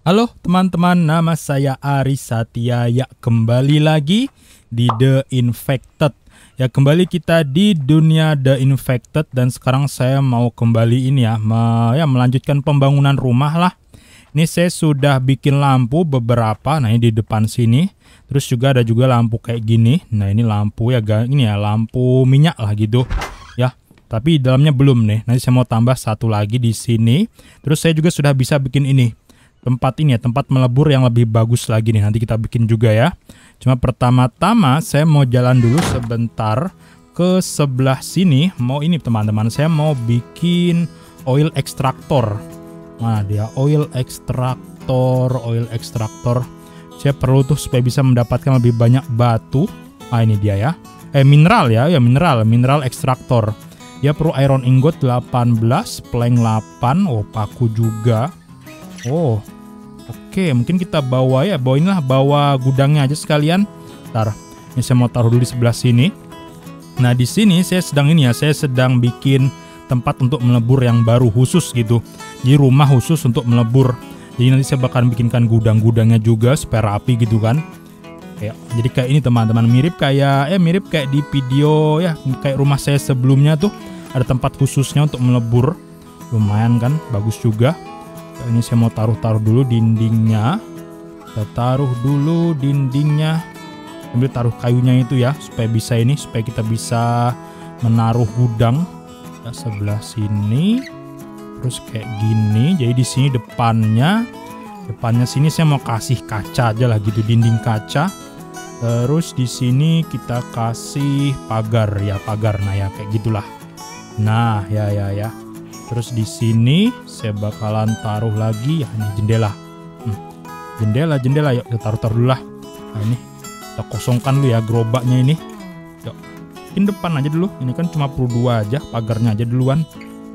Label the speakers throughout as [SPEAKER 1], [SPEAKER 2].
[SPEAKER 1] Halo teman-teman, nama saya Ari Satya. Ya, kembali lagi di The Infected. Ya, kembali kita di dunia The Infected dan sekarang saya mau kembali ini ya, me ya melanjutkan pembangunan rumah lah. Ini saya sudah bikin lampu beberapa, nah ini di depan sini. Terus juga ada juga lampu kayak gini. Nah, ini lampu ya ini ya, lampu minyak lah gitu. Ya, tapi dalamnya belum nih. Nanti saya mau tambah satu lagi di sini. Terus saya juga sudah bisa bikin ini tempat ini ya, tempat melebur yang lebih bagus lagi nih. Nanti kita bikin juga ya. Cuma pertama-tama saya mau jalan dulu sebentar ke sebelah sini. Mau ini teman-teman, saya mau bikin oil extractor. Nah dia oil extractor, oil extractor. Saya perlu tuh supaya bisa mendapatkan lebih banyak batu. Ah ini dia ya. Eh mineral ya, ya mineral, mineral extractor. Ya perlu iron ingot 18, plank 8, oh paku juga Oh, oke okay. mungkin kita bawa ya, bawainlah bawa gudangnya aja sekalian. Ntar, ini saya mau taruh dulu di sebelah sini. Nah di sini saya sedang ini ya, saya sedang bikin tempat untuk melebur yang baru khusus gitu. di rumah khusus untuk melebur. Jadi nanti saya bakal bikinkan gudang-gudangnya juga supaya rapi gitu kan. Ya, jadi kayak ini teman-teman mirip kayak eh mirip kayak di video ya kayak rumah saya sebelumnya tuh ada tempat khususnya untuk melebur. Lumayan kan, bagus juga ini saya mau taruh-taruh dulu dindingnya kita taruh dulu dindingnya sambil taruh kayunya itu ya supaya bisa ini supaya kita bisa menaruh gudang ya, sebelah sini terus kayak gini jadi di sini depannya depannya sini saya mau kasih kaca aja lah gitu dinding kaca terus di sini kita kasih pagar ya pagar nah ya kayak gitulah nah ya ya ya Terus di sini saya bakalan taruh lagi ya ini jendela. Hmm. Jendela jendela yuk kita taruh taruh dulu lah. Nah, ini kita kosongkan dulu ya gerobaknya ini. Yuk. Ini depan aja dulu. Ini kan cuma perlu dua aja pagarnya aja duluan.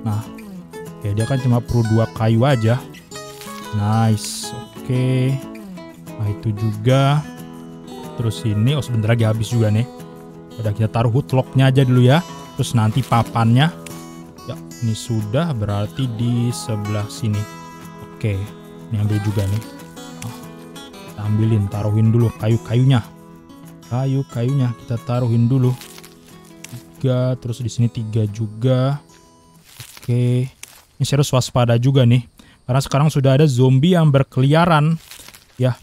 [SPEAKER 1] Nah, ya dia kan cuma perlu dua kayu aja. Nice. Oke. Okay. Nah, itu juga. Terus ini oh sebentar lagi habis juga nih. Udah kita taruh hutloknya aja dulu ya. Terus nanti papannya ini sudah berarti di sebelah sini oke ini ambil juga nih ah, kita ambilin taruhin dulu kayu-kayunya kayu-kayunya kita taruhin dulu tiga terus di sini tiga juga oke ini saya harus waspada juga nih karena sekarang sudah ada zombie yang berkeliaran ya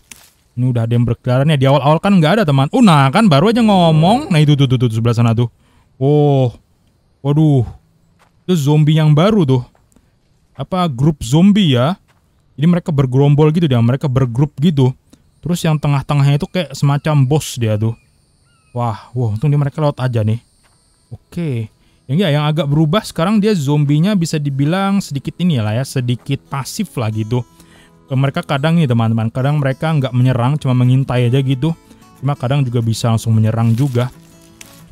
[SPEAKER 1] ini udah ada yang berkeliaran ya di awal-awal kan nggak ada teman oh nah kan baru aja ngomong nah itu tuh, tuh, tuh sebelah sana tuh oh waduh itu zombie yang baru tuh apa grup zombie ya jadi mereka bergerombol gitu dia mereka bergrup gitu terus yang tengah-tengahnya itu kayak semacam bos dia tuh wah wah untung dia mereka lewat aja nih oke yang ya yang agak berubah sekarang dia zombinya bisa dibilang sedikit ini lah ya sedikit pasif lah gitu mereka kadang nih teman-teman kadang mereka nggak menyerang cuma mengintai aja gitu cuma kadang juga bisa langsung menyerang juga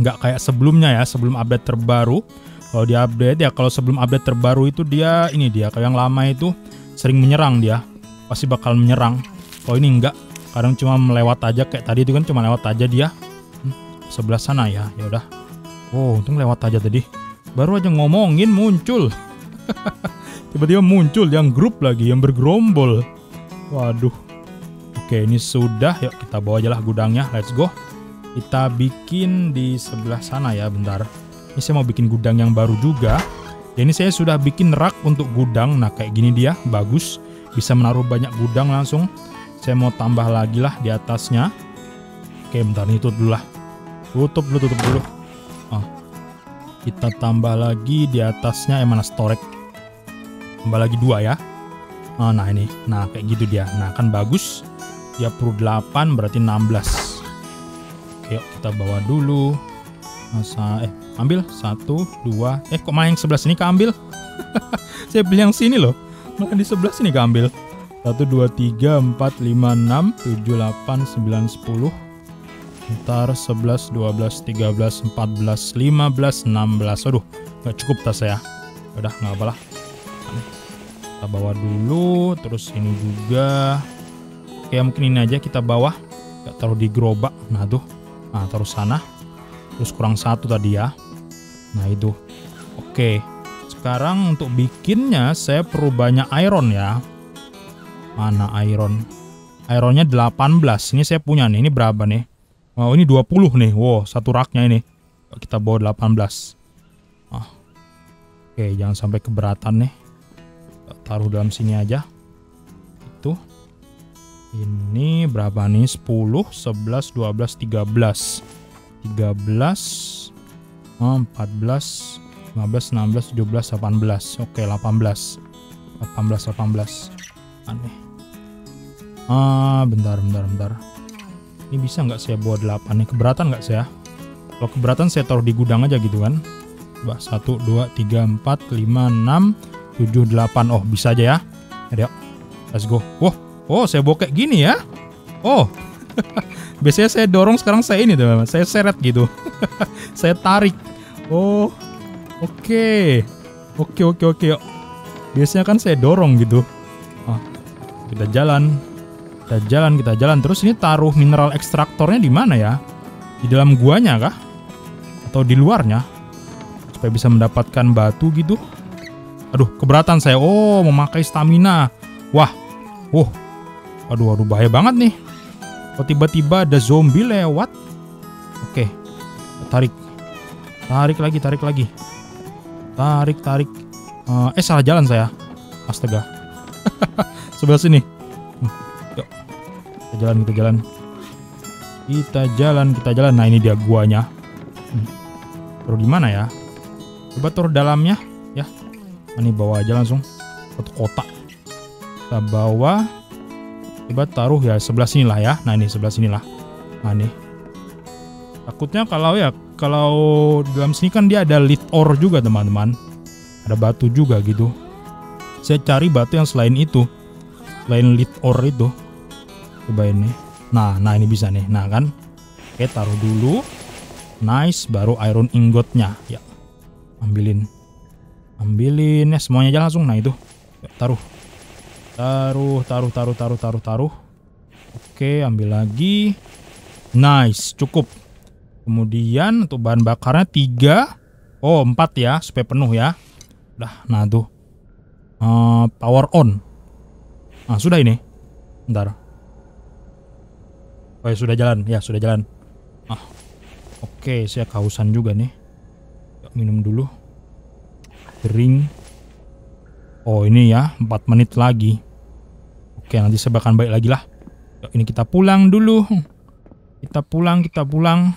[SPEAKER 1] nggak kayak sebelumnya ya sebelum update terbaru kalau di update ya kalau sebelum update terbaru itu dia ini dia kalau yang lama itu sering menyerang dia. Pasti bakal menyerang. Kalau ini enggak, kadang cuma melewat aja kayak tadi itu kan cuma lewat aja dia. Hmm, sebelah sana ya. Ya udah. Oh, untung lewat aja tadi. Baru aja ngomongin muncul. Tiba-tiba muncul yang grup lagi, yang bergerombol. Waduh. Oke, ini sudah. Yuk kita bawa aja lah gudangnya. Let's go. Kita bikin di sebelah sana ya, bentar ini saya mau bikin gudang yang baru juga dan ini saya sudah bikin rak untuk gudang nah kayak gini dia bagus bisa menaruh banyak gudang langsung saya mau tambah lagi lah di atasnya oke bentar ini tutup dulu lah tutup dulu tutup dulu oh. kita tambah lagi di atasnya yang eh, mana storage tambah lagi dua ya oh, nah ini nah kayak gitu dia nah kan bagus dia perlu 8 berarti 16 oke kita bawa dulu masa eh ambil satu dua eh kok main yang sebelah sini keambil saya beli yang sini loh Makan di sebelah sini keambil satu dua tiga empat lima enam tujuh delapan sembilan sepuluh ntar sebelas dua belas tiga belas empat belas lima belas enam belas aduh nggak cukup tas saya udah nggak apa lah kita bawa dulu terus ini juga Oke mungkin ini aja kita bawa Gak taruh di gerobak nah tuh nah taruh sana terus kurang satu tadi ya Nah itu. Oke. Sekarang untuk bikinnya saya perlu banyak iron ya. Mana iron? Ironnya 18. Ini saya punya nih. Ini berapa nih? Wow, ini 20 nih. Wow, satu raknya ini. Kita bawa 18. Ah. Oke, jangan sampai keberatan nih. taruh dalam sini aja. Itu. Ini berapa nih? 10, 11, 12, 13. 13 oh, 14 15 16 17 18 oke 18 18 18 aneh ah bentar bentar bentar ini bisa nggak saya buat 8 ini keberatan nggak saya kalau keberatan saya taruh di gudang aja gitu kan coba 1 2 3 4 5 6 7 8 oh bisa aja ya ayo let's go wow oh saya bokek gini ya oh biasanya saya dorong sekarang saya ini teman-teman saya seret gitu saya tarik Oh, oke. Oke, oke, oke. Biasanya kan saya dorong gitu. Ah, kita jalan. Kita jalan, kita jalan. Terus ini taruh mineral ekstraktornya di mana ya? Di dalam guanya kah? Atau di luarnya? Supaya bisa mendapatkan batu gitu. Aduh, keberatan saya. Oh, memakai stamina. Wah. Wah. Oh. Aduh, aduh bahaya banget nih. Kok tiba-tiba ada zombie lewat? Oke. Tarik. Tarik lagi, tarik lagi. Tarik, tarik. Uh, eh salah jalan saya. Astaga. Sebelah sini. Hmm, yuk. Kita jalan, kita jalan. Kita jalan, kita jalan. Nah, ini dia guanya. Hmm. Taruh di mana ya? Coba taruh dalamnya ya. Ini bawa aja langsung satu kotak. Kita bawa coba taruh ya sebelah sinilah ya. Nah, ini sebelah sinilah. Nah, nih takutnya kalau ya kalau dalam sini kan dia ada lead ore juga teman-teman ada batu juga gitu saya cari batu yang selain itu selain lead ore itu coba ini nah nah ini bisa nih nah kan oke taruh dulu nice baru iron ingotnya ya ambilin ambilin ya semuanya aja langsung nah itu ya, taruh taruh taruh taruh taruh taruh taruh oke ambil lagi nice cukup Kemudian untuk bahan bakarnya 3 Oh 4 ya supaya penuh ya Udah nah tuh uh, Power on Nah sudah ini Bentar Oh ya sudah jalan Ya sudah jalan ah. Oke saya kehausan juga nih Minum dulu Kering Oh ini ya 4 menit lagi Oke nanti saya bakal balik lagi lah Ini kita pulang dulu Kita pulang kita pulang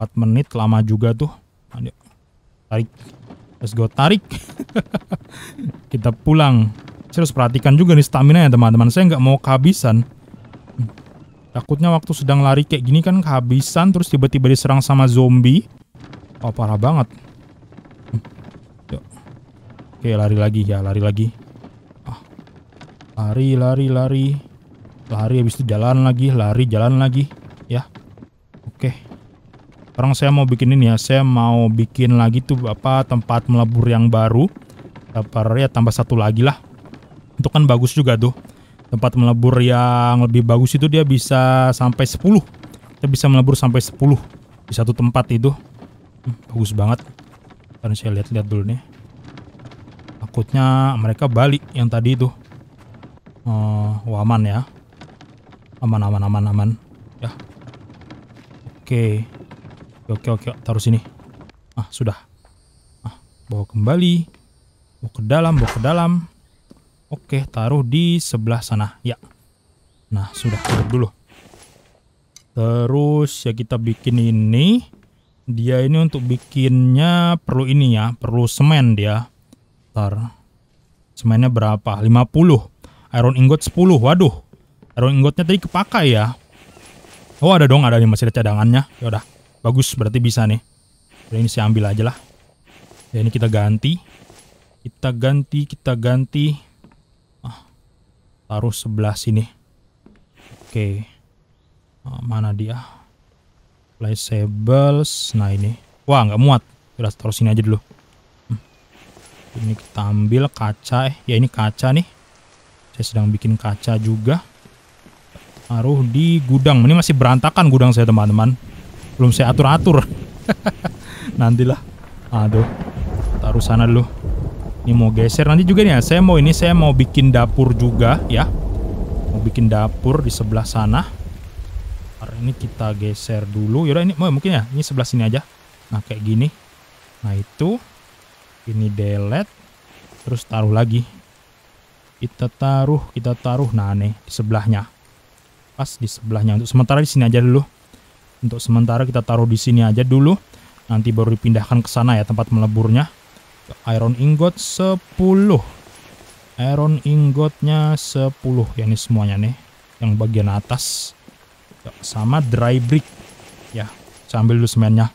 [SPEAKER 1] 4 menit lama juga tuh Ayo, tarik let's go tarik kita pulang saya harus perhatikan juga nih stamina ya teman-teman saya nggak mau kehabisan takutnya waktu sedang lari kayak gini kan kehabisan terus tiba-tiba diserang sama zombie oh parah banget oke lari lagi ya lari lagi ah. lari lari lari lari habis itu jalan lagi lari jalan lagi ya oke okay sekarang saya mau bikin ini ya saya mau bikin lagi tuh apa tempat melebur yang baru apa ya tambah satu lagi lah itu kan bagus juga tuh tempat melebur yang lebih bagus itu dia bisa sampai 10 kita bisa melebur sampai 10 di satu tempat itu hmm, bagus banget karena saya lihat-lihat dulu nih takutnya mereka balik yang tadi itu hmm, eh, aman ya aman aman aman aman ya oke okay. Oke, oke, oke. Taruh sini. Ah, sudah. Ah, bawa kembali. Bawa ke dalam, bawa ke dalam. Oke, taruh di sebelah sana. Ya. Nah, sudah. Taruh dulu. Terus ya kita bikin ini. Dia ini untuk bikinnya perlu ini ya. Perlu semen dia. tar Semennya berapa? 50. Iron ingot 10. Waduh. Iron ingotnya tadi kepakai ya. Oh ada dong, ada nih masih ada cadangannya. Yaudah. Bagus, berarti bisa nih. Udah ini saya ambil aja lah. Ya ini kita ganti. Kita ganti, kita ganti. Ah, taruh sebelah sini. Oke. Ah, mana dia? Placeables. Nah ini. Wah, nggak muat. Kita taruh sini aja dulu. Hmm. Ini kita ambil kaca. Eh. Ya ini kaca nih. Saya sedang bikin kaca juga. Taruh di gudang. Ini masih berantakan gudang saya teman-teman belum saya atur atur nantilah aduh taruh sana dulu ini mau geser nanti juga nih ya saya mau ini saya mau bikin dapur juga ya mau bikin dapur di sebelah sana hari ini kita geser dulu yaudah ini oh, mungkin ya ini sebelah sini aja nah kayak gini nah itu ini delete terus taruh lagi kita taruh kita taruh nah nih di sebelahnya pas di sebelahnya untuk sementara di sini aja dulu untuk sementara kita taruh di sini aja dulu. Nanti baru dipindahkan ke sana ya tempat meleburnya. Iron ingot 10. Iron ingotnya 10 ya ini semuanya nih. Yang bagian atas. Ya, sama dry brick. Ya, sambil lu dulu semennya.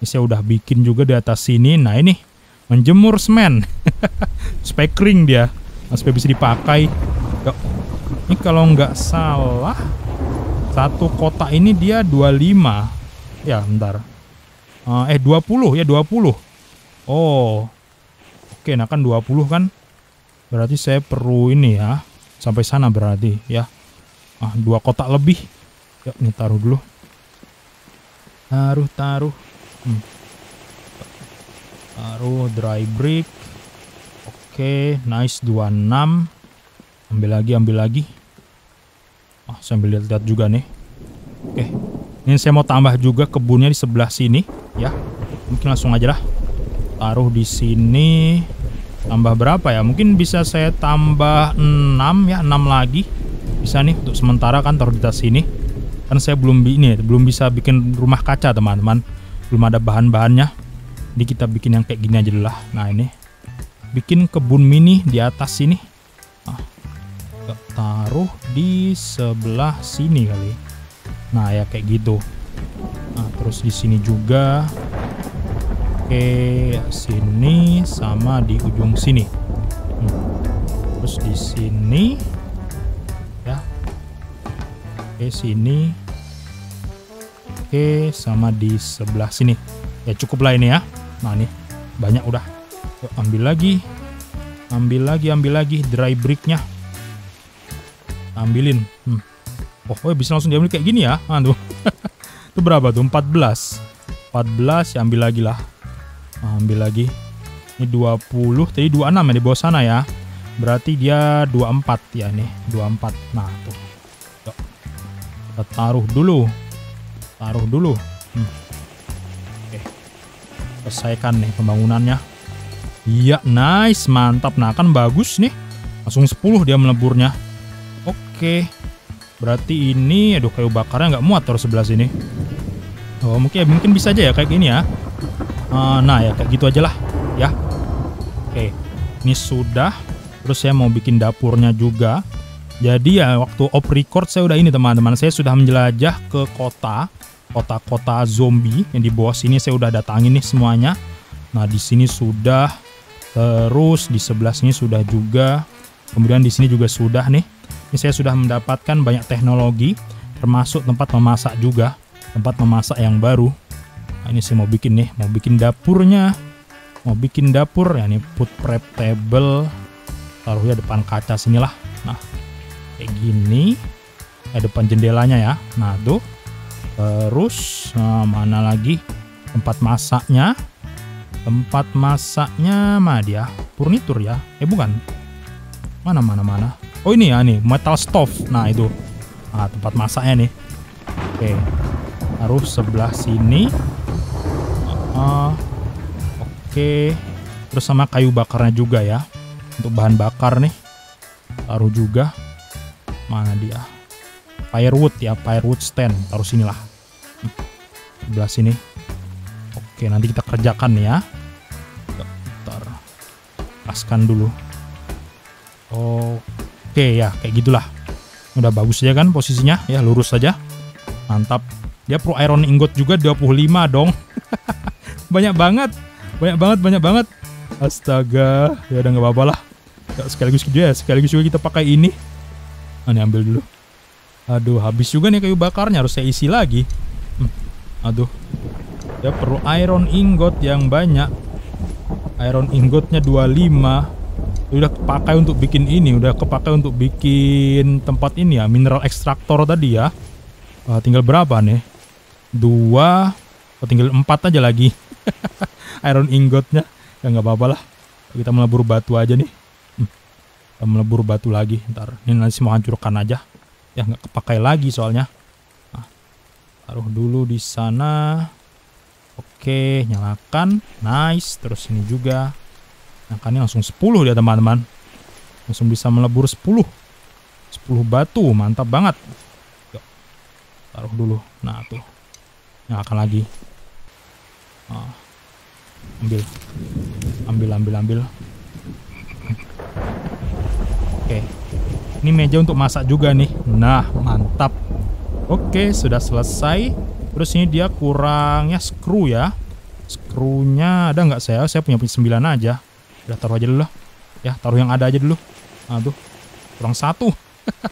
[SPEAKER 1] Ini saya udah bikin juga di atas sini. Nah ini menjemur semen. supaya kering dia. masih bisa dipakai. Ya, ini kalau nggak salah satu kotak ini dia 25. Ya, bentar. eh eh 20 ya 20. Oh. Oke, nah kan 20 kan. Berarti saya perlu ini ya. Sampai sana berarti ya. Ah, dua kotak lebih. Yuk, ya, ini taruh dulu. Taruh, taruh. Hmm. Taruh dry brick. Oke, nice 26. Ambil lagi, ambil lagi. Ah, sambil lihat-lihat juga nih. Oke. Ini saya mau tambah juga kebunnya di sebelah sini ya. Mungkin langsung aja lah. Taruh di sini. Tambah berapa ya? Mungkin bisa saya tambah 6 ya, 6 lagi. Bisa nih untuk sementara kan taruh di atas sini. Kan saya belum ini belum bisa bikin rumah kaca, teman-teman. Belum ada bahan-bahannya. Jadi kita bikin yang kayak gini aja lah. Nah, ini. Bikin kebun mini di atas sini. Nah, taruh di sebelah sini kali. Nah, ya kayak gitu. Nah, terus di sini juga. Oke, sini sama di ujung sini. Hmm. Terus di sini ya. Oke, sini. Oke, sama di sebelah sini. Ya cukup lah ini ya. Nah, ini banyak udah. Yuk, ambil lagi. Ambil lagi, ambil lagi dry bricknya. nya ambilin hmm. oh, oh bisa langsung diambil kayak gini ya aduh ah, itu berapa tuh 14 14 ya ambil lagi lah ah, ambil lagi ini 20 tadi 26 ya di bawah sana ya berarti dia 24 ya nih 24 nah tuh Yuk. kita taruh dulu taruh dulu hmm. oke selesaikan nih pembangunannya iya nice mantap nah kan bagus nih langsung 10 dia meleburnya Oke. Berarti ini aduh kayu bakarnya nggak muat terus sebelah sini. Oh, mungkin ya, mungkin bisa aja ya kayak gini ya. Uh, nah, ya kayak gitu aja lah ya. Oke. Ini sudah. Terus saya mau bikin dapurnya juga. Jadi ya waktu off record saya udah ini teman-teman. Saya sudah menjelajah ke kota kota-kota zombie yang di bawah sini saya udah datangin nih semuanya. Nah, di sini sudah terus di sebelah sini sudah juga. Kemudian di sini juga sudah nih. Ini saya sudah mendapatkan banyak teknologi, termasuk tempat memasak juga, tempat memasak yang baru. Nah, ini saya mau bikin nih, mau bikin dapurnya, mau bikin dapur ya ini put prep table, ya depan kaca sini lah Nah, kayak gini, eh, depan jendelanya ya. Nah tuh, terus nah, mana lagi tempat masaknya? Tempat masaknya mah dia furnitur ya? Eh bukan, mana mana mana Oh ini ya nih metal stove. Nah itu nah, tempat masaknya nih. Oke harus sebelah sini. Uh, Oke okay. terus sama kayu bakarnya juga ya untuk bahan bakar nih taruh juga mana dia firewood ya firewood stand taruh sinilah sebelah sini oke nanti kita kerjakan ya Bentar. paskan dulu oke Oke ya kayak gitulah. Udah bagus aja kan posisinya ya lurus saja. Mantap. Dia pro iron ingot juga 25 dong. banyak banget. Banyak banget, banyak banget. Astaga, ya udah nggak apa-apa lah. Ya, sekaligus dia, ya, sekaligus juga kita pakai ini. Nah, ini ambil dulu. Aduh, habis juga nih kayu bakarnya harus saya isi lagi. Hmm. Aduh. Ya perlu iron ingot yang banyak. Iron ingotnya 25 udah kepakai untuk bikin ini, udah kepakai untuk bikin tempat ini ya, mineral ekstraktor tadi ya. Uh, tinggal berapa nih? Dua, oh, tinggal empat aja lagi. Iron ingotnya, ya nggak apa-apa lah. Kita melebur batu aja nih. Hmm. Kita melebur batu lagi, ntar ini nanti mau hancurkan aja. Ya nggak kepakai lagi soalnya. Nah, taruh dulu di sana. Oke, nyalakan. Nice. Terus ini juga. Angkanya langsung 10 dia teman-teman. Langsung bisa melebur 10. 10 batu, mantap banget. Yuk. Taruh dulu. Nah, tuh. Yang akan lagi. Nah. Ambil. Ambil, ambil, ambil. Oke. Ini meja untuk masak juga nih. Nah, mantap. Oke, sudah selesai. Terus ini dia kurangnya screw ya. Screwnya ada nggak saya? Saya punya 9 aja udah taruh aja dulu lah ya taruh yang ada aja dulu aduh nah, kurang satu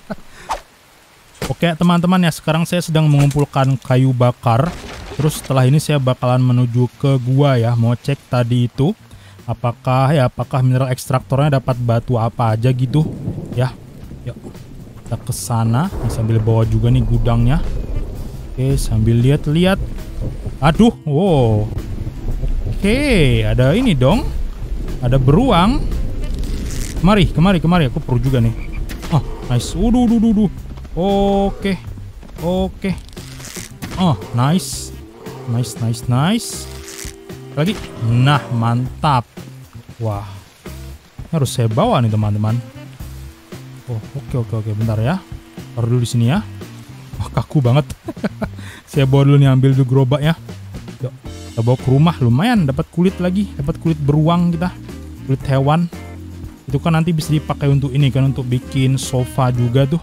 [SPEAKER 1] Oke teman-teman ya sekarang saya sedang mengumpulkan kayu bakar Terus setelah ini saya bakalan menuju ke gua ya Mau cek tadi itu Apakah ya apakah mineral ekstraktornya dapat batu apa aja gitu Ya Yuk Kita ke sana Sambil bawa juga nih gudangnya Oke sambil lihat-lihat Aduh wow Oke ada ini dong ada beruang. Kemari, kemari, kemari. Aku perlu juga nih. Oh, nice. udu, udu, udu, Oke. Oke. Oh, nice. Nice, nice, nice. Lagi. Nah, mantap. Wah. Harus saya bawa nih, teman-teman. Oh, oke, oke, oke. Bentar ya. Taruh dulu di sini ya. Wah, oh, kaku banget. saya bawa dulu nih, ambil dulu gerobak ya. Yuk, kita bawa ke rumah. Lumayan, dapat kulit lagi. Dapat kulit beruang kita kulit hewan itu kan nanti bisa dipakai untuk ini kan untuk bikin sofa juga tuh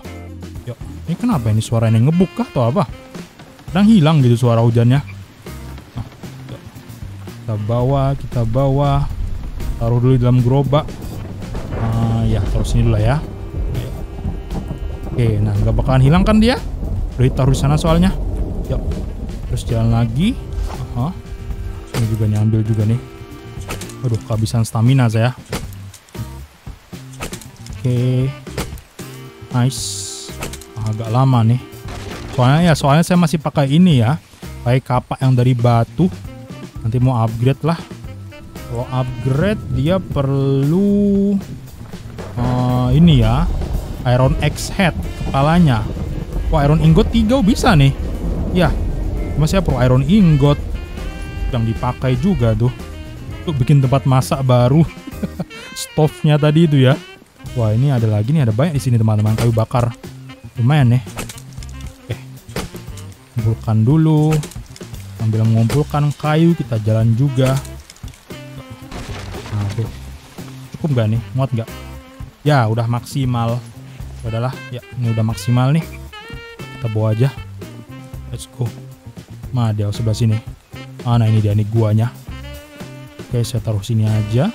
[SPEAKER 1] yuk ya, ini kenapa ini suara ini ngebuk kah atau apa kadang hilang gitu suara hujannya nah, ya. kita bawa kita bawa taruh dulu di dalam gerobak nah, ya taruh sini dulu lah ya oke nah nggak bakalan hilang kan dia udah taruh di sana soalnya yuk ya, terus jalan lagi Aha. sini juga nyambil juga nih Aduh, kehabisan stamina saya. Oke. Okay. Nice. Ah, agak lama nih. Soalnya ya, soalnya saya masih pakai ini ya. Pakai kapak yang dari batu. Nanti mau upgrade lah. Kalau upgrade dia perlu uh, ini ya. Iron X head kepalanya. Wah, iron ingot 3 bisa nih. Ya. masih perlu iron ingot yang dipakai juga tuh bikin tempat masak baru stove-nya tadi itu ya wah ini ada lagi nih ada banyak di sini teman-teman kayu bakar lumayan nih eh kumpulkan dulu ambil mengumpulkan kayu kita jalan juga nah, cukup gak nih muat gak? ya udah maksimal ya udahlah ya ini udah maksimal nih kita bawa aja let's go mana dia sebelah sini mana ini dia nih guanya Oke, saya taruh sini aja.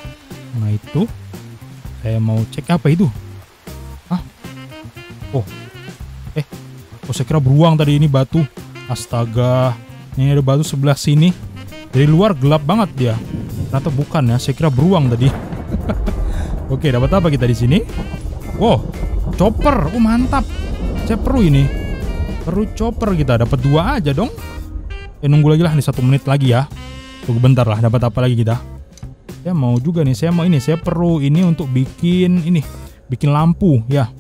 [SPEAKER 1] Nah, itu. Saya mau cek apa itu? Ah. Oh. Eh. Oh, saya kira beruang tadi ini batu. Astaga. Ini ada batu sebelah sini. Dari luar gelap banget dia. Ternyata bukan ya. Saya kira beruang tadi. Oke, dapat apa kita di sini? Wow, chopper. Oh, mantap. Saya perlu ini. Perlu chopper kita. Dapat dua aja dong. Eh, nunggu lagi lah nih satu menit lagi ya. Tunggu bentar lah, dapat apa lagi kita? Saya mau juga nih, saya mau ini, saya perlu ini untuk bikin ini, bikin lampu ya.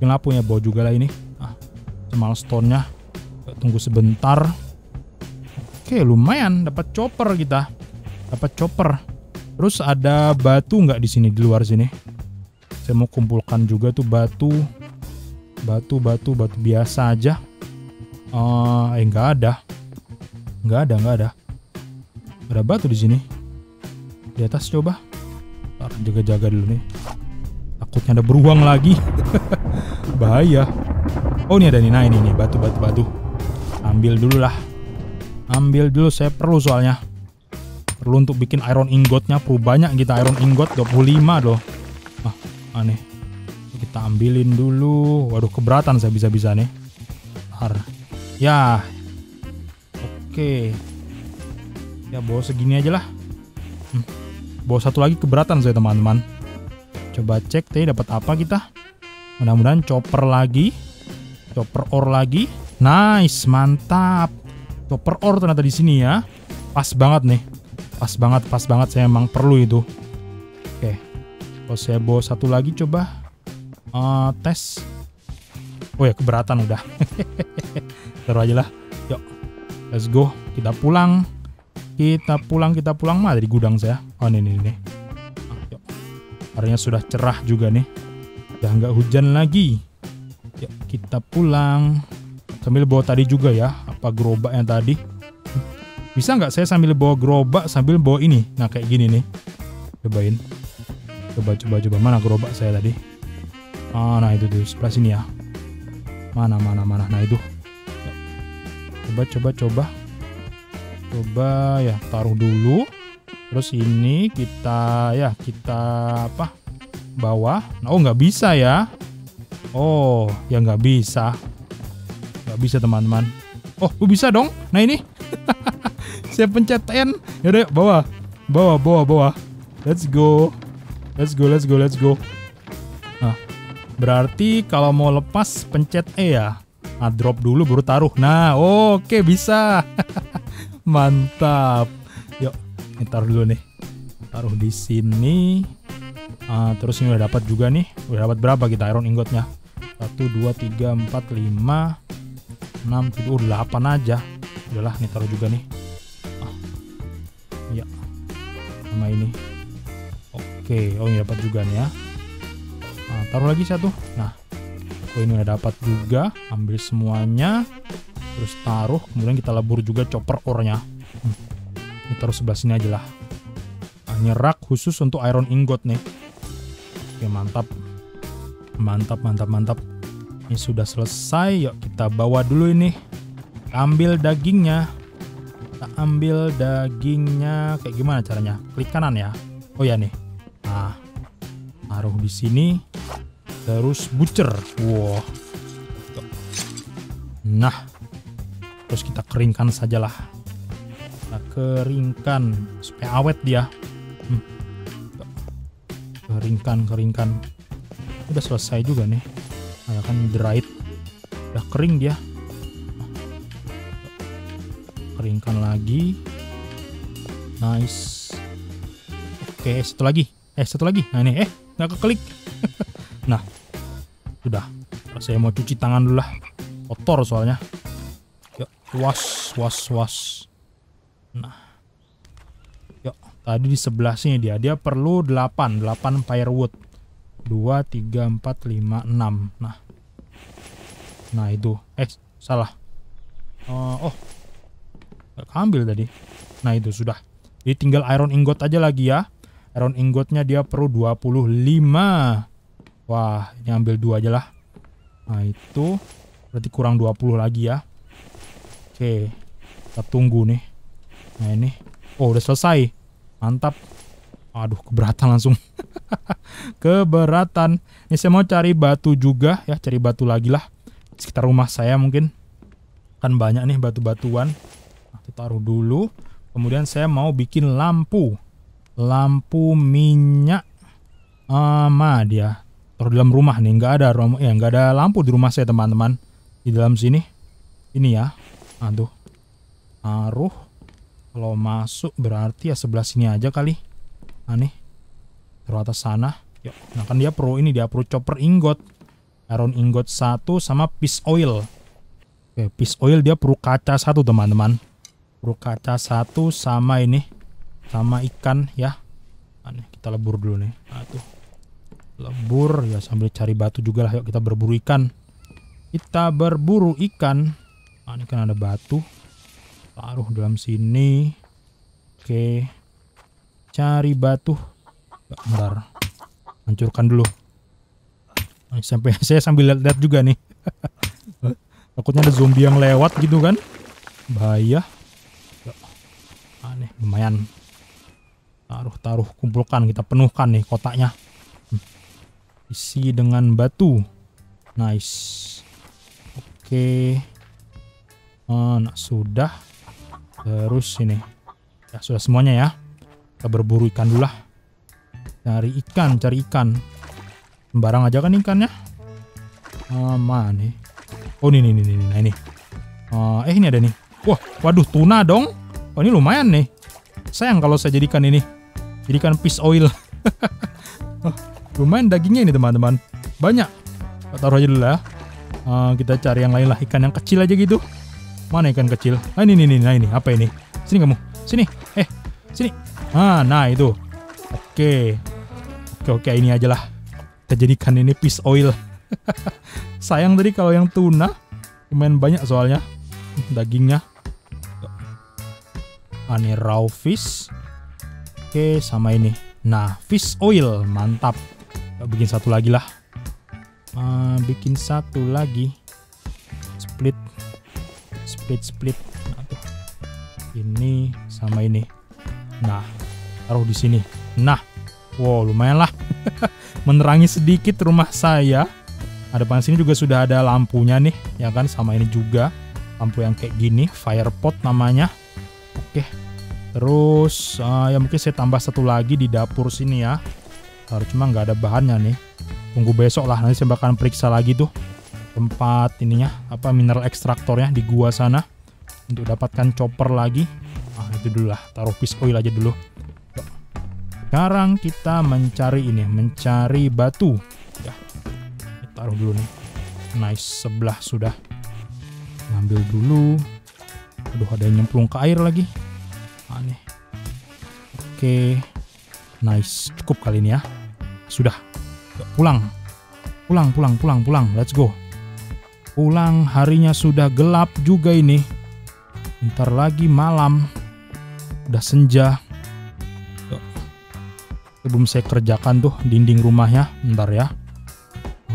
[SPEAKER 1] Bikin lampu ya, bawa juga lah ini. Ah, stone nya Tunggu sebentar. Oke, lumayan dapat chopper kita. Dapat chopper. Terus ada batu nggak di sini di luar sini? Saya mau kumpulkan juga tuh batu. Batu, batu, batu biasa aja. Uh, eh nggak ada. Nggak ada, nggak ada. Ada batu di sini. Di atas coba. Ntar jaga-jaga dulu nih. Takutnya ada beruang lagi. Bahaya. Oh ini ada nih. Nah ini nih batu batu batu. Ambil dulu lah. Ambil dulu saya perlu soalnya. Perlu untuk bikin iron ingotnya. Perlu banyak kita iron ingot 25 loh. Ah aneh. Kita ambilin dulu. Waduh keberatan saya bisa-bisa nih. Har, Ya. Oke. Okay ya bawa segini aja lah hmm. bawa satu lagi keberatan saya teman-teman coba cek teh dapat apa kita mudah-mudahan chopper lagi chopper or lagi nice mantap chopper or ternyata di sini ya pas banget nih pas banget pas banget saya emang perlu itu oke kalau saya bawa satu lagi coba uh, tes oh ya keberatan udah taruh aja lah yuk let's go kita pulang kita pulang, kita pulang mah dari gudang saya. Oh ini ini ini Harinya sudah cerah juga nih. Udah nggak hujan lagi. Ya, kita pulang. Sambil bawa tadi juga ya, apa gerobak yang tadi. Bisa nggak saya sambil bawa gerobak sambil bawa ini? Nah kayak gini nih. Cobain. Coba coba coba mana gerobak saya tadi? Ah, nah itu tuh sebelah sini ya. Mana mana mana. Nah itu. Coba coba coba coba ya taruh dulu terus ini kita ya kita apa bawah oh nggak bisa ya oh ya nggak bisa nggak bisa teman-teman oh bisa dong nah ini saya pencet N yaudah bawah bawah bawah bawah let's go let's go let's go let's go nah berarti kalau mau lepas pencet E ya nah drop dulu baru taruh nah oke okay, bisa mantap yuk ntar dulu nih taruh di sini uh, terus ini udah dapat juga nih udah dapat berapa kita iron ingotnya satu, dua, tiga, empat, lima, enam, tujuh, delapan 8 aja udahlah nih taruh juga nih ah. ya sama ini oke oh ini dapat juga nih ya nah, taruh lagi satu nah oh ini udah dapat juga ambil semuanya terus taruh kemudian kita labur juga chopper ore ini taruh sebelah sini aja lah hanya nah, rak khusus untuk iron ingot nih oke mantap mantap mantap mantap ini sudah selesai yuk kita bawa dulu ini ambil dagingnya kita ambil dagingnya kayak gimana caranya klik kanan ya oh ya nih nah taruh di sini terus butcher wow nah terus kita keringkan sajalah kita keringkan supaya awet dia hmm. keringkan keringkan udah selesai juga nih akan dry dried udah kering dia keringkan lagi nice oke eh, satu lagi eh satu lagi nah ini eh nggak keklik nah sudah saya mau cuci tangan dulu lah kotor soalnya Was, was, was. Nah. Yuk, tadi di sebelah sini dia. Dia perlu 8, 8 firewood. 2, 3, 4, 5, 6. Nah. Nah, itu. Eh, salah. Uh, oh. ambil tadi. Nah, itu sudah. Jadi tinggal iron ingot aja lagi ya. Iron ingotnya dia perlu 25. Wah, ini ambil dua aja lah. Nah, itu berarti kurang 20 lagi ya. Oke. Kita tunggu nih. Nah ini. Oh udah selesai. Mantap. Aduh keberatan langsung. keberatan. Ini saya mau cari batu juga ya. Cari batu lagi lah. Sekitar rumah saya mungkin. Kan banyak nih batu-batuan. Nah, taruh dulu. Kemudian saya mau bikin lampu. Lampu minyak. Ah Ama dia. Taruh dalam rumah nih. Nggak ada, rom, ya, nggak ada lampu di rumah saya teman-teman. Di dalam sini. Ini ya Aduh. Aruh. Kalau masuk berarti ya sebelah sini aja kali. Aneh. Terus atas sana. Yuk. Nah kan dia perlu ini dia perlu chopper ingot. Iron ingot satu sama piece oil. Oke, piece oil dia perlu kaca satu teman-teman. Perlu kaca satu sama ini sama ikan ya. Aneh, kita lebur dulu nih. Aduh, Lebur ya sambil cari batu juga lah. Yuk kita berburu ikan. Kita berburu ikan ini kan ada batu taruh dalam sini oke cari batu bentar hancurkan dulu sampai saya sambil lihat-lihat juga nih takutnya ada zombie yang lewat gitu kan bahaya aneh lumayan taruh taruh kumpulkan kita penuhkan nih kotaknya hmm. isi dengan batu nice oke okay. Oh, nah, sudah. Terus ini. Ya, sudah semuanya ya. Kita berburu ikan dulu lah. Cari ikan, cari ikan. Sembarang aja kan ikannya. Oh, mana nih? Oh, ini, ini, ini, Nah, ini. Oh, eh, ini ada nih. Wah, waduh, tuna dong. Oh, ini lumayan nih. Sayang kalau saya jadikan ini. Jadikan fish oil. Oh, lumayan dagingnya ini, teman-teman. Banyak. kita Taruh aja dulu lah ya. Uh, kita cari yang lain lah ikan yang kecil aja gitu Mana ikan kecil? Nah ini, ini, ini, nah, ini. Apa ini? Sini kamu. Sini. Eh, sini. Ah, nah itu. Oke. Oke, oke. Ini aja lah. Kita jadikan ini fish oil. Sayang tadi kalau yang tuna. Lumayan banyak soalnya. Dagingnya. Ah, ini raw fish. Oke, sama ini. Nah, fish oil. Mantap. Kita bikin satu lagi lah. Uh, bikin satu lagi. Split page split ini sama ini nah taruh di sini nah wow lumayan lah menerangi sedikit rumah saya ada depan sini juga sudah ada lampunya nih ya kan sama ini juga lampu yang kayak gini fire pot namanya oke terus uh, ya mungkin saya tambah satu lagi di dapur sini ya harus cuma nggak ada bahannya nih tunggu besok lah nanti saya bakalan periksa lagi tuh tempat ininya apa mineral ekstraktornya di gua sana untuk dapatkan chopper lagi ah itu dulu lah taruh piece oil aja dulu sekarang kita mencari ini mencari batu ya taruh dulu nih nice sebelah sudah ngambil dulu aduh ada yang nyemplung ke air lagi aneh oke nice cukup kali ini ya sudah pulang pulang pulang pulang pulang let's go Pulang harinya sudah gelap juga ini. Ntar lagi malam. Udah senja. Tuh. Sebelum saya kerjakan tuh dinding rumahnya. ntar ya.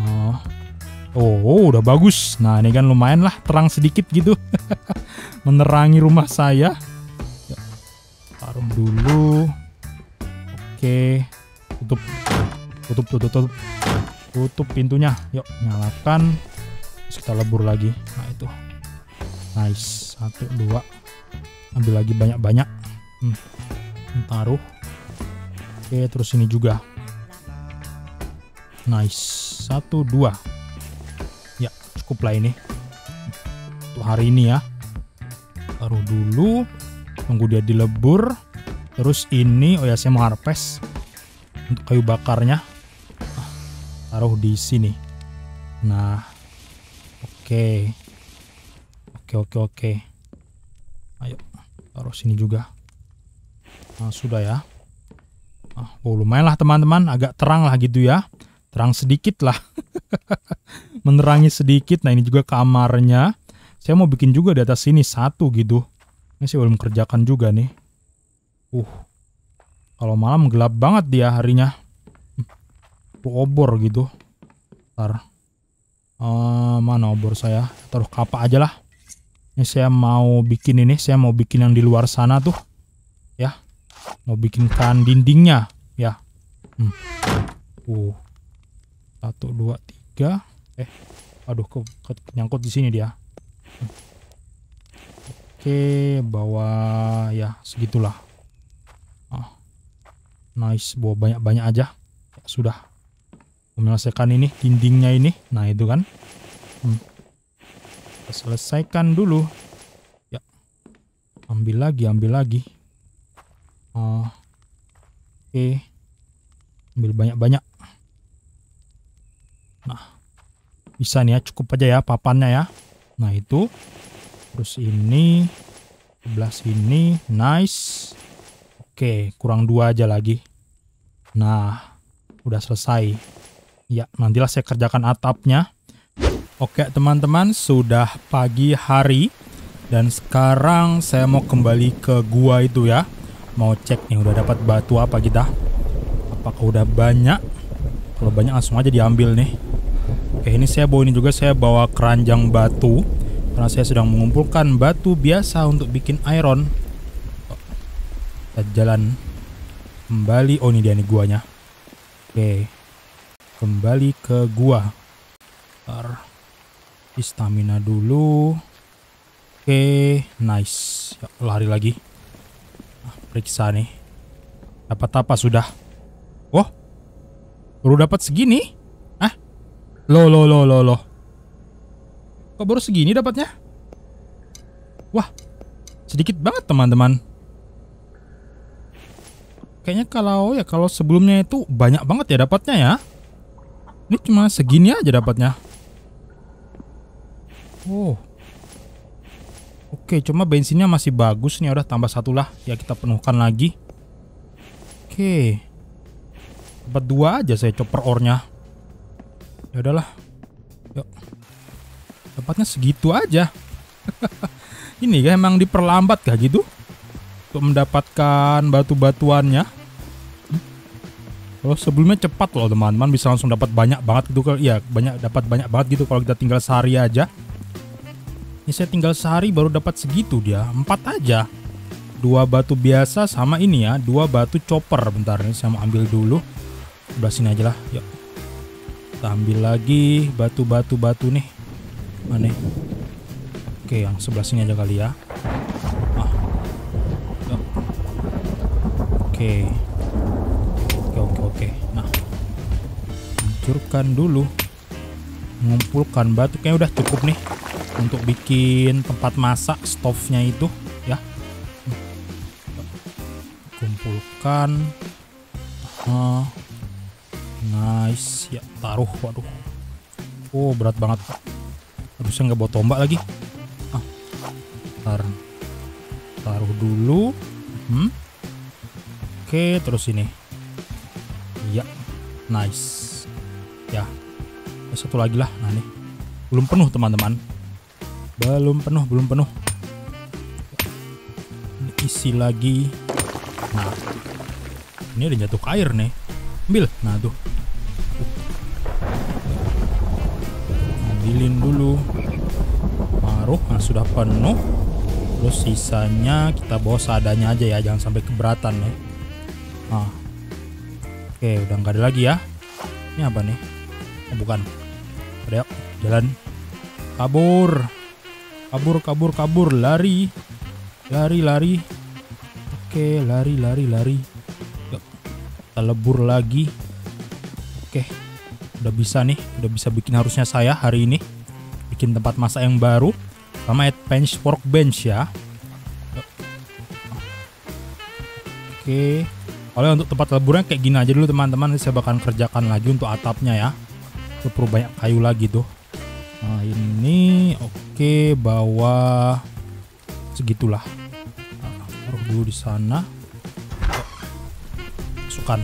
[SPEAKER 1] Oh, oh udah bagus. Nah ini kan lumayan lah terang sedikit gitu. Menerangi rumah saya. Parum Taruh dulu. Oke. Tutup. Tutup, tutup, tutup. Tutup pintunya. Yuk, nyalakan. Terus kita lebur lagi nah itu nice satu dua ambil lagi banyak-banyak hmm. taruh oke terus ini juga nice satu dua ya cukup lah ini untuk hari ini ya taruh dulu tunggu dia dilebur terus ini oh ya saya mau harvest untuk kayu bakarnya taruh di sini nah Oke. Oke, oke, oke. Ayo, taruh sini juga. Nah, sudah ya. Ah, oh, lumayan lah teman-teman, agak terang lah gitu ya. Terang sedikit lah. Menerangi sedikit. Nah, ini juga kamarnya. Saya mau bikin juga di atas sini satu gitu. Ini sih belum kerjakan juga nih. Uh. Kalau malam gelap banget dia harinya. Hm, obor gitu. Ntar uh, mana obor saya taruh kapak aja lah ini saya mau bikin ini saya mau bikin yang di luar sana tuh ya mau bikinkan dindingnya ya hmm. uh satu dua tiga eh aduh ke, ke nyangkut di sini dia hmm. oke bawa ya segitulah ah. nice bawa banyak banyak aja ya, sudah menyelesaikan ini dindingnya ini nah itu kan hmm. kita selesaikan dulu ya ambil lagi ambil lagi uh, oke okay. ambil banyak-banyak nah bisa nih ya cukup aja ya papannya ya nah itu terus ini sebelah sini nice oke okay. kurang dua aja lagi nah udah selesai Ya, nantilah saya kerjakan atapnya. Oke, teman-teman, sudah pagi hari dan sekarang saya mau kembali ke gua itu ya. Mau cek nih udah dapat batu apa kita? Apakah udah banyak? Kalau banyak langsung aja diambil nih. Oke, ini saya bawa ini juga saya bawa keranjang batu karena saya sedang mengumpulkan batu biasa untuk bikin iron. kita jalan kembali. Oh, ini dia nih guanya. Oke kembali ke gua. Bentar. Stamina dulu. Oke, okay, nice. Yuk, ya, lari lagi. Nah, periksa nih. Dapat apa sudah? oh, Baru dapat segini? Ah. Lo lo lo lo lo. Kok baru segini dapatnya? Wah. Sedikit banget, teman-teman kayaknya kalau ya kalau sebelumnya itu banyak banget ya dapatnya ya ini cuma segini aja dapatnya. Oh. Oke, cuma bensinnya masih bagus nih. Udah tambah satu lah. Ya kita penuhkan lagi. Oke. Dapat dua aja saya chopper ornya. Ya udahlah. Yuk. Dapatnya segitu aja. Ini ya emang diperlambat kah gitu? Untuk mendapatkan batu-batuannya. Oh sebelumnya cepat loh teman-teman bisa langsung dapat banyak banget gitu kalau ya banyak dapat banyak banget gitu kalau kita tinggal sehari aja. Ini saya tinggal sehari baru dapat segitu dia empat aja. Dua batu biasa sama ini ya dua batu chopper bentar ini saya mau ambil dulu. Udah sini aja lah yuk. Kita ambil lagi batu-batu batu nih. Mana Oke yang sebelah sini aja kali ya. Ah. Oke. Oke, nah. Hancurkan dulu. Mengumpulkan batu kayaknya udah cukup nih untuk bikin tempat masak stove-nya itu ya. Kumpulkan. Nah, nice ya taruh waduh. Oh, berat banget. Harusnya nggak bawa tombak lagi. Ah. tar, Taruh dulu. Hmm. Oke, terus ini nice ya satu lagi lah nah nih belum penuh teman-teman belum penuh belum penuh ini isi lagi nah ini ada jatuh air nih ambil nah tuh ambilin dulu Maruh, nah sudah penuh terus sisanya kita bawa seadanya aja ya jangan sampai keberatan ya nah Oke, udah nggak ada lagi ya. Ini apa nih? Oh, bukan. Ada yuk, jalan. Kabur. Kabur, kabur, kabur. Lari. Lari, lari. Oke, lari, lari, lari. Yuk, kita lebur lagi. Oke, udah bisa nih. Udah bisa bikin harusnya saya hari ini. Bikin tempat masak yang baru. Sama bench workbench ya. Yuk. Oke. Oleh untuk tempat leburnya kayak gini aja dulu teman-teman. Saya bakalan kerjakan lagi untuk atapnya ya. Itu perlu banyak kayu lagi tuh. Nah ini oke okay, bawah segitulah. Nah, taruh dulu di sana. Masukkan.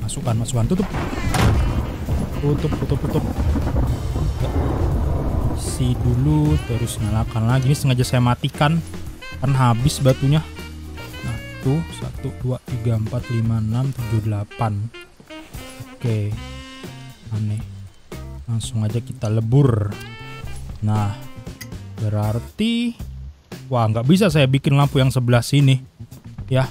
[SPEAKER 1] Masukkan, masukkan. Tutup. Tutup, tutup, tutup. Si dulu terus nyalakan lagi. Ini sengaja saya matikan. Kan habis batunya. 1 2 3 4 5 6 7 8 oke aneh langsung aja kita lebur nah berarti wah nggak bisa saya bikin lampu yang sebelah sini ya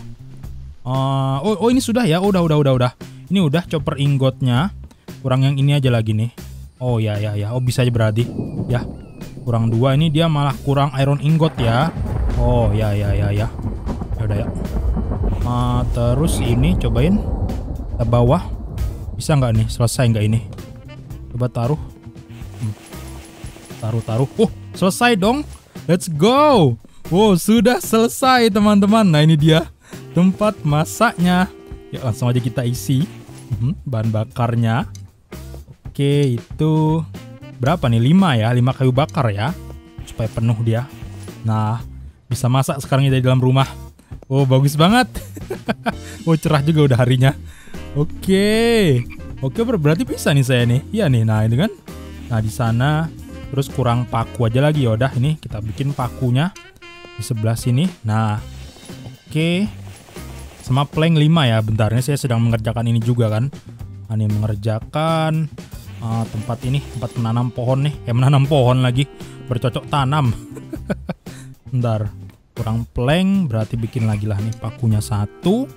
[SPEAKER 1] uh, oh, oh ini sudah ya udah udah udah udah ini udah chopper ingotnya kurang yang ini aja lagi nih oh ya ya ya oh bisa aja berarti ya kurang dua ini dia malah kurang iron ingot ya oh ya ya ya ya udah ya nah, terus ini cobain ke bawah bisa nggak nih selesai nggak ini coba taruh hmm. taruh taruh oh selesai dong let's go wow sudah selesai teman-teman nah ini dia tempat masaknya ya langsung aja kita isi hmm, bahan bakarnya oke itu berapa nih 5 ya 5 kayu bakar ya supaya penuh dia nah bisa masak sekarang di dalam rumah Oh bagus banget. oh cerah juga udah harinya. Oke. Oke berarti bisa nih saya nih. Iya nih. Nah ini kan. Nah di sana terus kurang paku aja lagi ya udah ini kita bikin pakunya di sebelah sini. Nah oke. Sama plank 5 ya. Bentar ini saya sedang mengerjakan ini juga kan. Nah, ini mengerjakan uh, tempat ini tempat menanam pohon nih. Ya menanam pohon lagi bercocok tanam. Bentar kurang plank berarti bikin lagi lah nih pakunya satu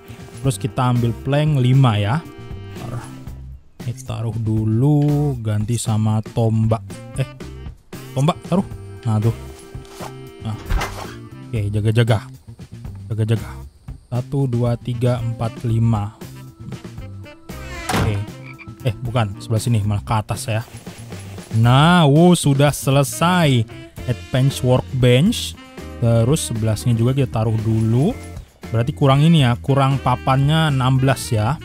[SPEAKER 1] terus kita ambil plank 5 ya Bentar. ini taruh dulu ganti sama tombak eh tombak taruh nah tuh nah oke jaga-jaga jaga-jaga satu dua tiga empat lima oke eh bukan sebelah sini malah ke atas ya nah wow sudah selesai advance workbench Terus sebelasnya juga kita taruh dulu. Berarti kurang ini ya, kurang papannya 16 ya.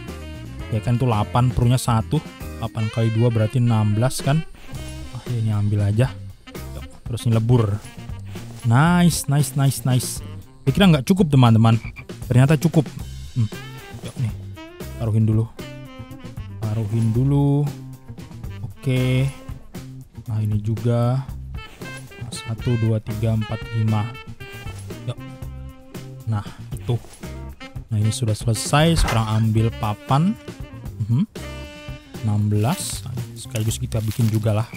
[SPEAKER 1] Ya kan itu 8 perunya 1. 8 kali 2 berarti 16 kan. Ah, iya, ini ambil aja. Terus ini lebur. Nice, nice, nice, nice. Saya kira nggak cukup teman-teman. Ternyata cukup. Hmm. Yuk, ya, nih, taruhin dulu. Taruhin dulu. Oke. Nah ini juga. 1, 2, 3, 4, 5 nah tuh nah ini sudah selesai sekarang ambil papan uh -huh. 16 sekaligus kita bikin juga lah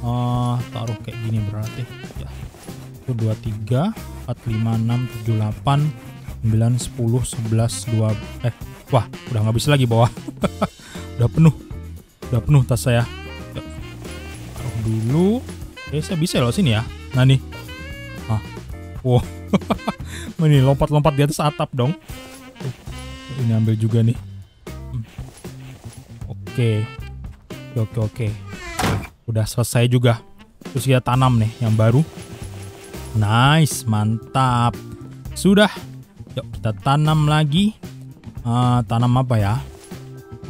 [SPEAKER 1] uh, taruh kayak gini berarti ya 1, 2, 3 4, 5, 6, 7, 8 9, 10, 11, 2, eh wah udah nggak bisa lagi bawah udah penuh udah penuh tas saya Yuk. taruh dulu eh saya bisa loh sini ya nah nih ah wow Ini lompat-lompat di atas atap dong. Ini ambil juga nih. Oke. Oke, oke, Okay. Udah selesai juga. Terus kita tanam nih yang baru. Nice, mantap. Sudah. Yuk kita tanam lagi. Uh, tanam apa ya?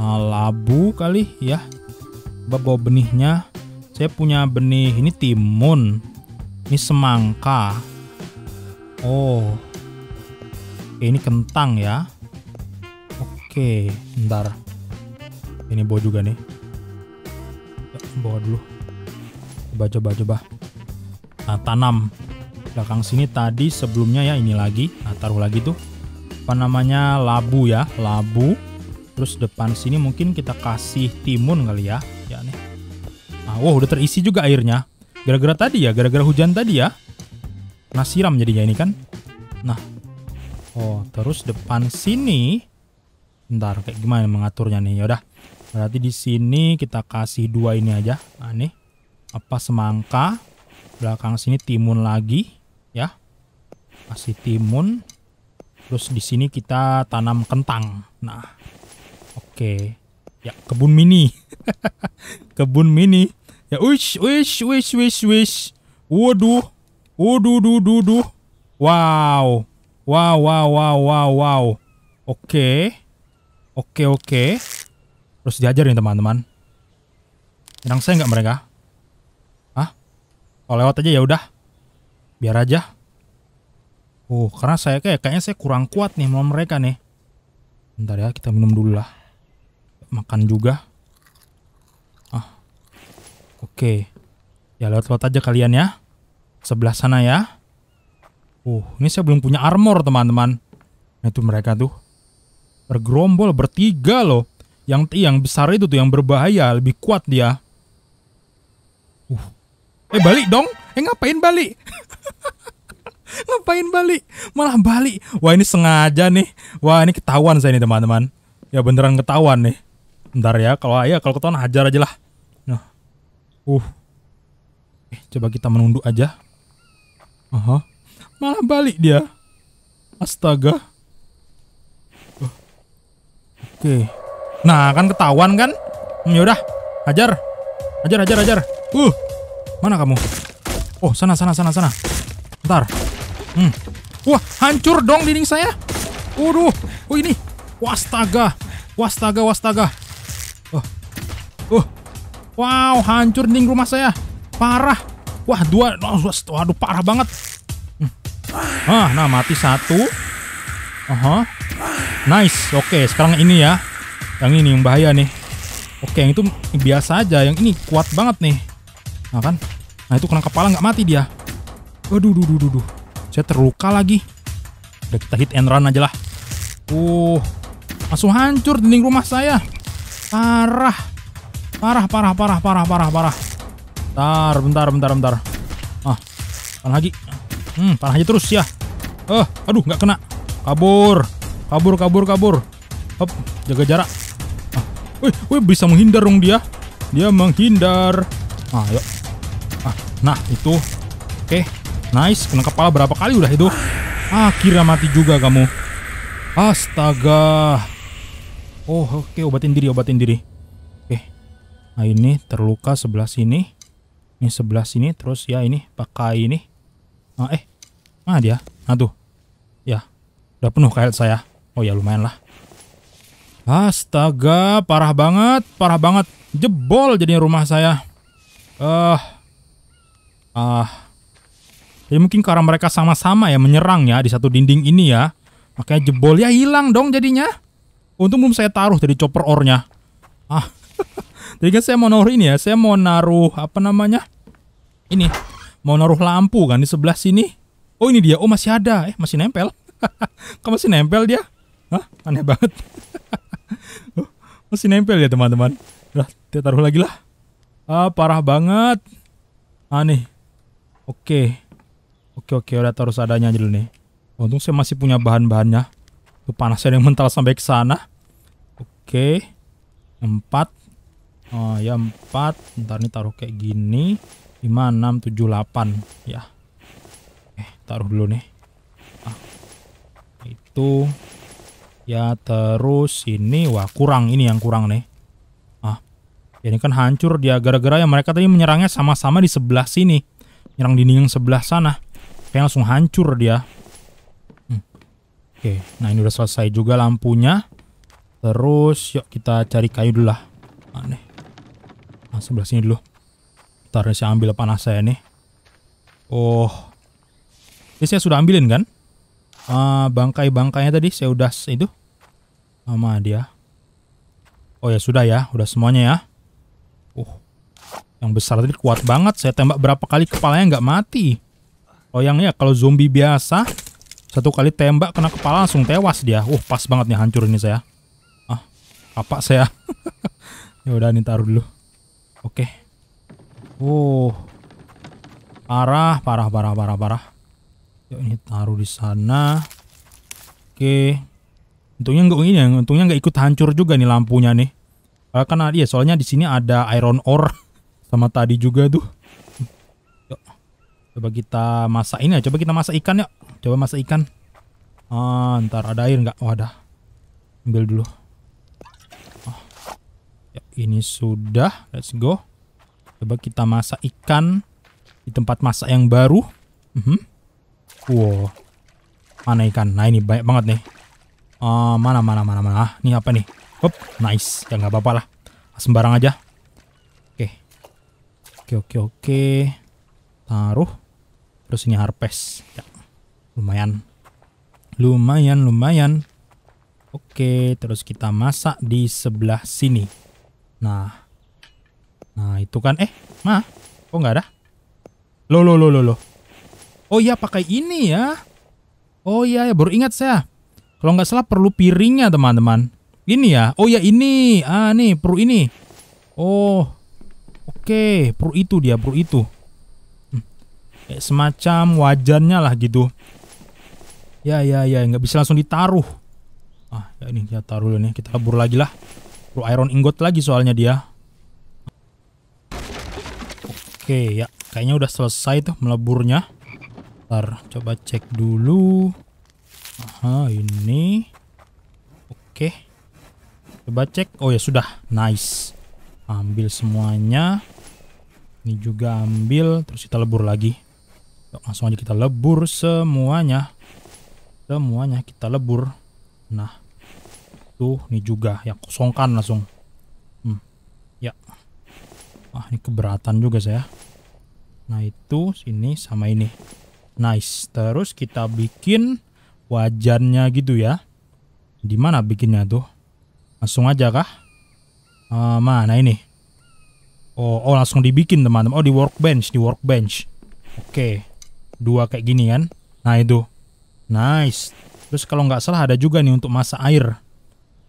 [SPEAKER 1] Uh, labu kali ya. Coba bawa benihnya. Saya punya benih ini timun. Ini semangka. Oh, ini kentang ya oke ntar ini bawa juga nih ya, bawa dulu coba coba coba nah tanam belakang sini tadi sebelumnya ya ini lagi nah taruh lagi tuh apa namanya labu ya labu terus depan sini mungkin kita kasih timun kali ya ya nih nah, wow udah terisi juga airnya gara-gara tadi ya gara-gara hujan tadi ya nah siram jadinya ini kan nah Oh, terus depan sini ntar kayak gimana mengaturnya nih? Yaudah. Berarti di sini kita kasih dua ini aja. Nah, nih. Apa semangka. Belakang sini timun lagi, ya. Kasih timun. Terus di sini kita tanam kentang. Nah. Oke. Okay. Ya, kebun mini. kebun mini. Ya, wish, wish, wish, wish, wish. Waduh. Waduh, duh, duh, duh. Wow. Wow, wow, wow, wow, wow. Oke. Oke, oke. Terus diajar nih teman-teman. Nyerang saya nggak mereka? Hah? Kalau lewat aja ya udah. Biar aja. Uh, karena saya kayak kayaknya saya kurang kuat nih melawan mereka nih. Bentar ya, kita minum dulu lah. Makan juga. Ah. Oke. Okay. Ya lewat-lewat aja kalian ya. Sebelah sana ya. Oh, ini saya belum punya armor, teman-teman. Nah, itu mereka tuh. Bergerombol, bertiga loh. Yang yang besar itu tuh, yang berbahaya. Lebih kuat dia. Uh. Eh, balik dong. Eh, ngapain balik? ngapain balik? Malah balik. Wah, ini sengaja nih. Wah, ini ketahuan saya nih, teman-teman. Ya, beneran ketahuan nih. Bentar ya, kalau ya kalau ketahuan hajar aja lah. Nah. Uh. Eh, coba kita menunduk aja. Aha. Uh -huh. Malah balik dia. Astaga. Oh. Oke. Nah, kan ketahuan kan? Hmm, ya udah, hajar. Hajar, hajar, hajar. Uh. Mana kamu? Oh, sana sana sana sana. Bentar. Hmm. Wah, hancur dong dinding saya. Waduh. Oh, ini. Wastaga. Wastaga, wastaga. Oh. Uh. Wow, hancur dinding rumah saya. Parah. Wah, dua. Waduh, parah banget ah nah mati satu. Aha. Nice. Oke, okay, sekarang ini ya. Yang ini yang bahaya nih. Oke, okay, yang itu biasa aja. Yang ini kuat banget nih. Nah kan? Nah itu kena kepala nggak mati dia. Aduh, duh, duh, duh, duh. Saya terluka lagi. Udah kita hit and run aja lah. Uh, masuk hancur dinding rumah saya. Parah. Parah, parah, parah, parah, parah, parah. Bentar, bentar, bentar, bentar. Ah, pan lagi. Hmm, parah aja terus ya. Eh, aduh nggak kena. Kabur. Kabur, kabur, kabur. Hop, jaga jarak. Ah. Wih, wih bisa menghindar dong dia. Dia menghindar. Ah, yuk. Ah, nah itu. Oke. Okay. Nice, kena kepala berapa kali udah itu. Ah, kira mati juga kamu. Astaga. Oh, oke okay. obatin diri, obatin diri. Oke. Okay. Nah, ini terluka sebelah sini. Ini sebelah sini terus ya ini pakai ini. Ah, eh. Mana ah, dia? Aduh. Ya. Udah penuh kayak saya. Oh ya lumayan lah. Astaga, parah banget, parah banget. Jebol jadinya rumah saya. Eh. Uh, ah. Uh, ya, jadi mungkin karena mereka sama-sama ya menyerang ya di satu dinding ini ya. Makanya jebol ya hilang dong jadinya. Untung belum saya taruh jadi chopper ornya. Ah. jadi kan saya mau naruh ini ya. Saya mau naruh apa namanya? Ini. Mau naruh lampu kan di sebelah sini. Oh ini dia. Oh masih ada. Eh masih nempel. Kok masih nempel dia? Hah? Aneh banget. Oh, masih nempel ya teman-teman. lah kita taruh lagi lah. Ah, parah banget. Aneh. Oke. Oke, oke. Udah taruh seadanya aja dulu nih. Untung saya masih punya bahan-bahannya. Tuh panasnya yang mental sampai ke sana. Oke. Empat. Oh ya empat. Ntar nih taruh kayak gini. Lima, enam, tujuh, delapan. Ya eh taruh dulu nih ah, itu ya terus ini wah kurang ini yang kurang nih ah ya ini kan hancur dia gara-gara yang mereka tadi menyerangnya sama-sama di sebelah sini nyerang dinding yang sebelah sana kayak langsung hancur dia hmm. oke nah ini udah selesai juga lampunya terus yuk kita cari kayu dulu lah aneh nah, sebelah sini dulu ntar saya ambil panah saya nih oh jadi saya sudah ambilin kan? Uh, bangkai-bangkainya tadi saya udah itu sama dia. Oh ya sudah ya, udah semuanya ya. Uh, yang besar tadi kuat banget. Saya tembak berapa kali kepalanya nggak mati. Oh yang ya kalau zombie biasa satu kali tembak kena kepala langsung tewas dia. Uh, pas banget nih hancur ini saya. Ah, apa saya? ya udah nih taruh dulu. Oke. Okay. Uh. Parah, parah, parah, parah, parah. Yuk ini taruh di sana oke untungnya nggak ini ya, untungnya nggak ikut hancur juga nih lampunya nih eh, kan ada ya soalnya di sini ada iron ore sama tadi juga tuh yuk coba kita masak ini ya coba kita masak ikan ya coba masak ikan ah ntar ada air nggak oh ada ambil dulu Oh, ya, ini sudah let's go coba kita masak ikan di tempat masak yang baru mm -hmm. Wow. Mana ikan? Nah ini banyak banget nih. Uh, mana mana mana mana. Ah, ini apa nih? Hop, nice. Ya nggak apa-apa lah. Sembarang aja. Oke. Oke oke oke. Taruh. Terus ini harpes. Ya. Lumayan. Lumayan lumayan. Oke, terus kita masak di sebelah sini. Nah. Nah, itu kan eh, mah. Kok nggak ada? Loh loh loh loh lo. Oh iya pakai ini ya. Oh iya ya baru ingat saya. Kalau nggak salah perlu piringnya teman-teman. Ini ya. Oh ya ini. Ah nih perlu ini. Oh. Oke, okay. perlu itu dia, perlu itu. Hmm. Kayak semacam wajannya lah gitu. Ya ya ya nggak bisa langsung ditaruh. Ah, ya ini kita taruh dulu Kita kabur lagi lah. Perlu iron ingot lagi soalnya dia. Oke okay, ya, kayaknya udah selesai tuh meleburnya. Bentar, coba cek dulu. Aha, ini. Oke. Coba cek. Oh ya sudah, nice. Ambil semuanya. Ini juga ambil, terus kita lebur lagi. Langsung aja kita lebur semuanya. Semuanya kita lebur. Nah, tuh ini juga Ya, kosongkan langsung. Hmm. Ya. Wah, ini keberatan juga saya. Nah, itu sini sama ini. Nice. Terus kita bikin wajannya gitu ya. Di mana bikinnya tuh? Langsung aja kah? Uh, mana ini? Oh, oh langsung dibikin teman-teman. Oh di workbench, di workbench. Oke. Okay. Dua kayak gini kan. Nah itu. Nice. Terus kalau nggak salah ada juga nih untuk masa air.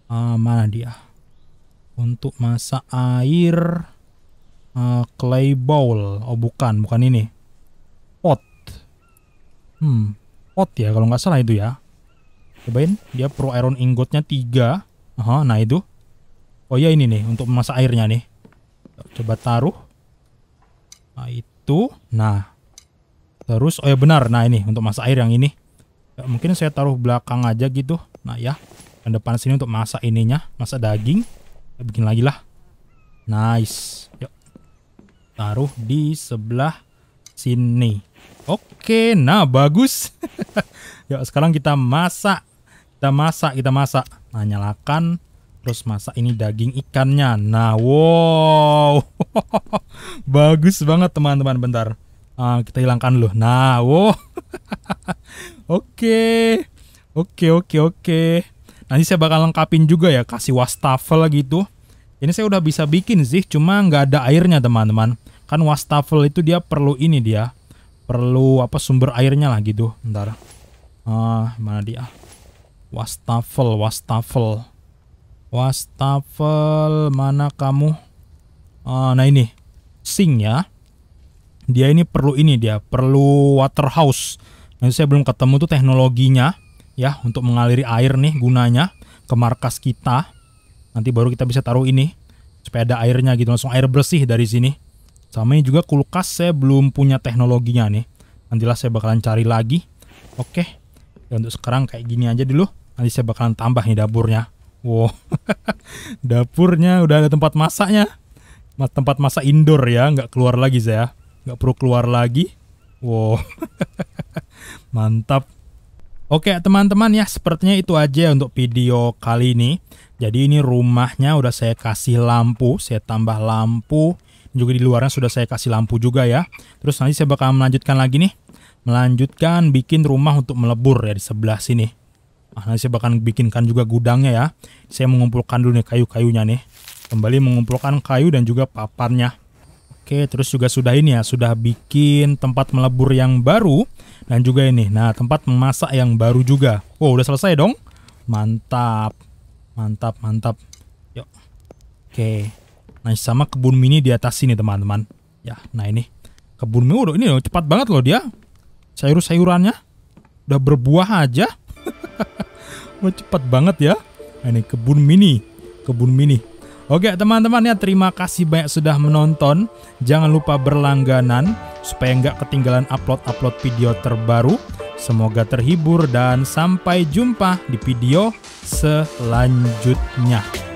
[SPEAKER 1] Uh, mana dia? Untuk masa air uh, clay bowl. Oh bukan, bukan ini Hmm, pot ya kalau nggak salah itu ya. Cobain, dia pro iron ingotnya tiga. Aha, nah itu. Oh ya ini nih untuk memasak airnya nih. Coba taruh. Nah itu. Nah. Terus oh ya benar. Nah ini untuk masak air yang ini. Ya, mungkin saya taruh belakang aja gitu. Nah ya. Yang depan sini untuk masak ininya, masak daging. Ya, bikin lagi lah. Nice. Yuk. Taruh di sebelah sini. Oke, nah bagus. Yuk sekarang kita masak. Kita masak, kita masak. Nah, nyalakan terus masak ini daging ikannya. Nah, wow. bagus banget teman-teman bentar. Uh, kita hilangkan loh. Nah, wow. Oke. Oke, oke, oke. Nanti saya bakal lengkapin juga ya, kasih wastafel gitu. Ini saya udah bisa bikin sih, cuma nggak ada airnya teman-teman. Kan wastafel itu dia perlu ini dia, perlu apa sumber airnya lah gitu ntar ah mana dia wastafel wastafel wastafel mana kamu ah, nah ini sing ya dia ini perlu ini dia perlu water house nah saya belum ketemu tuh teknologinya ya untuk mengaliri air nih gunanya ke markas kita nanti baru kita bisa taruh ini supaya ada airnya gitu langsung air bersih dari sini sama ini juga kulkas saya belum punya teknologinya nih. Nantilah saya bakalan cari lagi. Oke. Ya untuk sekarang kayak gini aja dulu. Nanti saya bakalan tambah nih dapurnya. Wow. dapurnya udah ada tempat masaknya. Tempat masak indoor ya, nggak keluar lagi saya. Nggak perlu keluar lagi. Wow. Mantap. Oke teman-teman ya sepertinya itu aja ya untuk video kali ini Jadi ini rumahnya udah saya kasih lampu Saya tambah lampu juga di luarnya sudah saya kasih lampu juga ya. Terus nanti saya bakal melanjutkan lagi nih. Melanjutkan bikin rumah untuk melebur ya di sebelah sini. Nah, nanti saya bakal bikinkan juga gudangnya ya. Saya mengumpulkan dulu nih kayu-kayunya nih. Kembali mengumpulkan kayu dan juga papannya. Oke, terus juga sudah ini ya, sudah bikin tempat melebur yang baru dan juga ini. Nah, tempat memasak yang baru juga. Oh, udah selesai dong. Mantap. Mantap, mantap. Yuk. Oke. Nah, sama kebun mini di atas sini, teman-teman. Ya, nah ini. Kebun mini udah ini loh, cepat banget loh dia. Sayur-sayurannya udah berbuah aja. Wah, cepat banget ya. Nah, ini kebun mini, kebun mini. Oke, teman-teman ya, terima kasih banyak sudah menonton. Jangan lupa berlangganan supaya nggak ketinggalan upload-upload video terbaru. Semoga terhibur dan sampai jumpa di video selanjutnya.